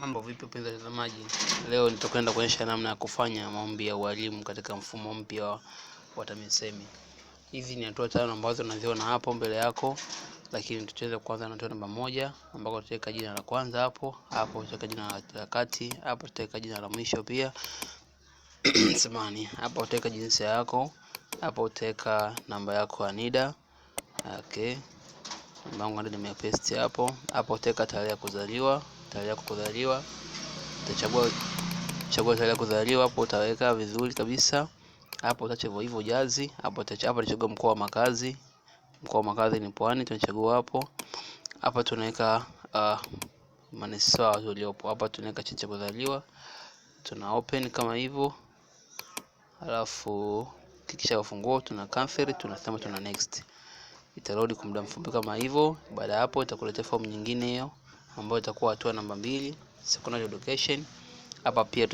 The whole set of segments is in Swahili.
Mambo vipi mpenzi mtazamaji, leo nitakwenda kuonyesha namna ya kufanya maombi ya ualimu katika mfumo mpya wa TAMISEMI. Hizi ni hatua tano ambazo unaziona hapo mbele yako, lakini tutaweza kuanza na hatua namba moja, ambako tutaweka jina la kwanza hapo hapo, tutaweka jina la kati hapo, tutaweka jina la mwisho pia samani hapo, utaweka jinsia yako hapo, utaweka namba yako ya NIDA. Okay, namba yangu ndio nimepaste hapo hapo, utaweka tarehe ya kuzaliwa tarehe yako kuzaliwa, utachagua chagua tarehe yako kuzaliwa hapo, utaweka vizuri kabisa hapo, utaacha hivyo hivyo jazi hapo. Hapa tutachagua mkoa wa makazi, mkoa wa makazi ni Pwani, tunachagua hapo. Hapa tunaweka uh, manispaa uliopo hapa, tunaweka cheti cha kuzaliwa, tuna open kama hivyo, alafu kisha ufunguo tuna cancel, tunasema tuna next. Itarudi kwa muda mfupi kama hivyo. Baada ya hapo, itakuletea fomu nyingine hiyo ambayo itakuwa hatua namba mbili, secondary education. Hapa pia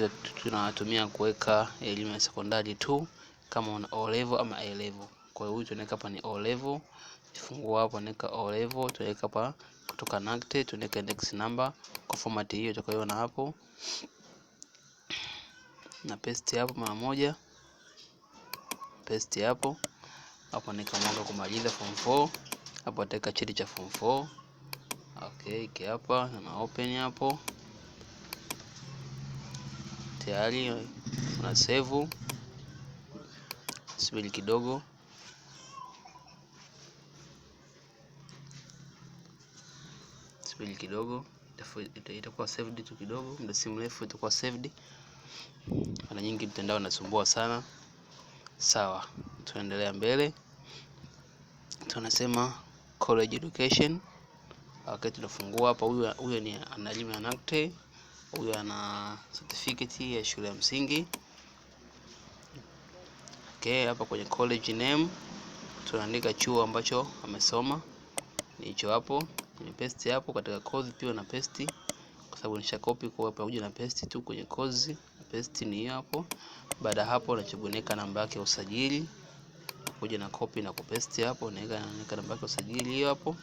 tunatumia kuweka elimu ya sekondari tu kama una O level ama A level. Kwa hiyo huyu tunaweka hapa ni O level, kifungua hapo naweka O level, tuweka hapa kutoka NACTE tunaweka index number kwa format hiyo utakayoona hapo, na paste hapo mara moja, paste hapo hapo, naweka mwaka kumaliza form 4 hapo, ataweka cheti cha form 4 Okay, iki hapa na open hapo tayari, una save. Subiri kidogo subiri kidogo, itakuwa saved tu kidogo, muda si mrefu itakuwa saved. Mara nyingi mtandao unasumbua sana. Sawa, tunaendelea mbele, tunasema college education Okay, tunafungua hapa, huyu huyu ni analimu ya NACTE, huyu ana certificate ya shule ya msingi. Okay, hapa kwenye college name tunaandika chuo ambacho amesoma ni hicho hapo, ni paste hapo. Katika course pia na paste, kwa sababu nisha copy kwa hapa, huja na paste tu kwenye course na paste ni hapo. Baada hapo, unachobonyeka namba yake ya usajili, huja na copy na kupaste hapo, naweka namba yake ya usajili hiyo hapo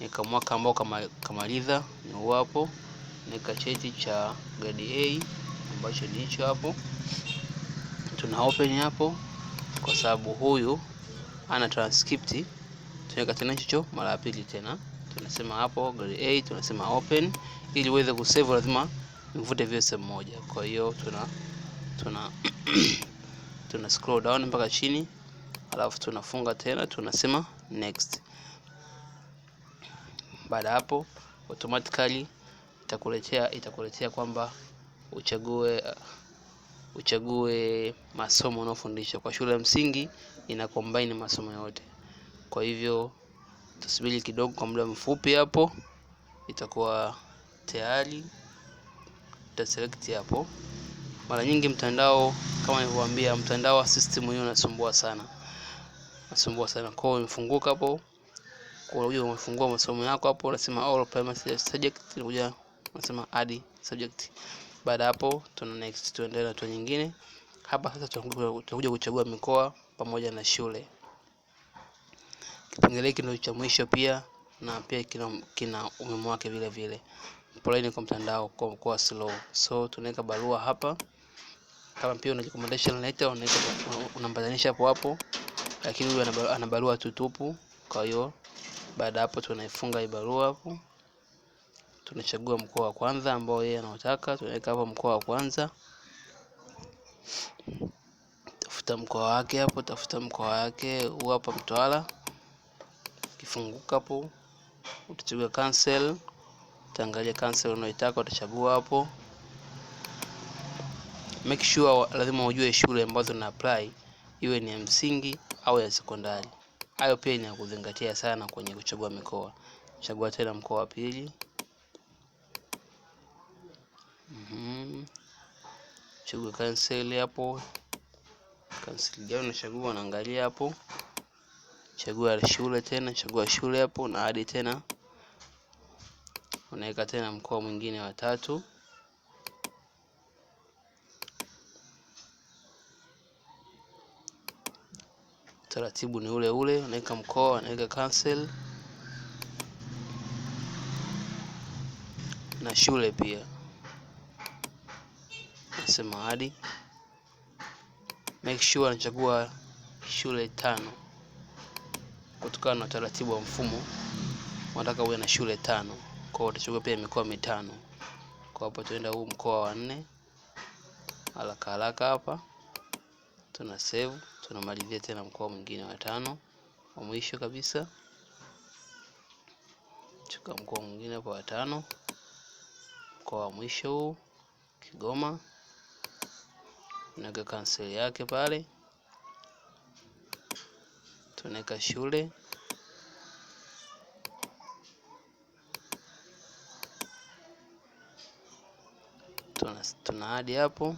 nika mwaka ambao kamaliza ni uwapo, nika cheti cha grade A ambacho ni hicho hapo, tuna open hapo, kwa sababu huyu ana transcript, tunaweka tena hicho mara ya pili tena, tunasema hapo grade A, tunasema open, ili uweze kusave lazima mvute vile sehemu moja. Kwa hiyo tuna tuna tuna scroll down mpaka chini, alafu tunafunga tena, tunasema next. Baada hapo automatically itakuletea itakuletea kwamba uchague uchague masomo unaofundisha Kwa shule ya msingi ina combine masomo yote, kwa hivyo tusubiri kidogo, kwa muda mfupi hapo itakuwa tayari. Utaselect hapo. Mara nyingi mtandao, kama nilivyowaambia, mtandao wa system hiyo unasumbua sana, unasumbua sana. Kwa hiyo imefunguka hapo unakuja umefungua masomo yako hapo, unasema all oh, primary subject, unakuja unasema add subject. Baada hapo tuna next, tuendelee na hatua nyingine. Hapa sasa tunakuja kuchagua mikoa pamoja na shule. Kipengele kino cha mwisho pia na pia kina, kina umuhimu wake vile vile. Poleni kwa mtandao kwa mkoa slow, so tunaweka barua hapa. Kama pia una recommendation letter unaweza unambatanisha hapo hapo, lakini huyu ana barua tutupu, kwa hiyo baada hapo tunaifunga hii barua hapo. Tunachagua mkoa wa kwanza ambao yeye anaotaka, tunaweka hapo mkoa wa kwanza. Tafuta mkoa wake hapo, tafuta mkoa wake huu hapa Mtwara. Kifunguka hapo utachagua cancel, utaangalia cancel unaoitaka utachagua hapo. Make sure lazima ujue shule ambazo na apply iwe ni ya msingi au ya sekondari. Hayo pia ni ya kuzingatia sana kwenye kuchagua mikoa. Chagua tena mkoa wa pili. Mm -hmm. Chagua kanseli hapo, Cancel gani unachagua, unaangalia hapo, chagua shule tena, chagua shule hapo na hadi tena, unaweka tena mkoa mwingine wa tatu. Taratibu ni ule ule, unaweka mkoa, unaweka cancel na shule pia, nasema hadi make sure anachagua shule tano kutokana na utaratibu wa mfumo unataka uwe na shule tano, kwa utachagua pia mikoa mitano. Kwa hapo tuenda huu mkoa wa nne haraka haraka hapa tuna save, tunamalizia tena mkoa mwingine wa tano wa mwisho kabisa. chuka mkoa mwingine hapa wa tano, mkoa wa mwisho huu Kigoma, tunaweka cancel yake pale, tunaweka shule tuna hadi hapo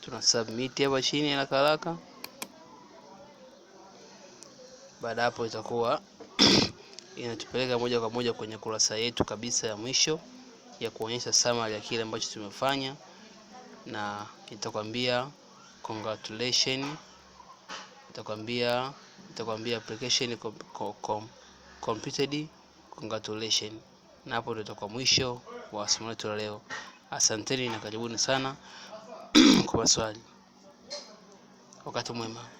tuna submit hapa chini haraka haraka. Baada hapo itakuwa inatupeleka moja kwa moja kwenye kurasa yetu kabisa ya mwisho ya kuonyesha summary ya kile ambacho tumefanya, na itakwambia congratulation, itakwambia itakwambia application com, com, completed congratulation, na hapo ndio itakuwa mwisho wa somo letu la leo. Asanteni na karibuni sana kwa swali. Wakati mwema.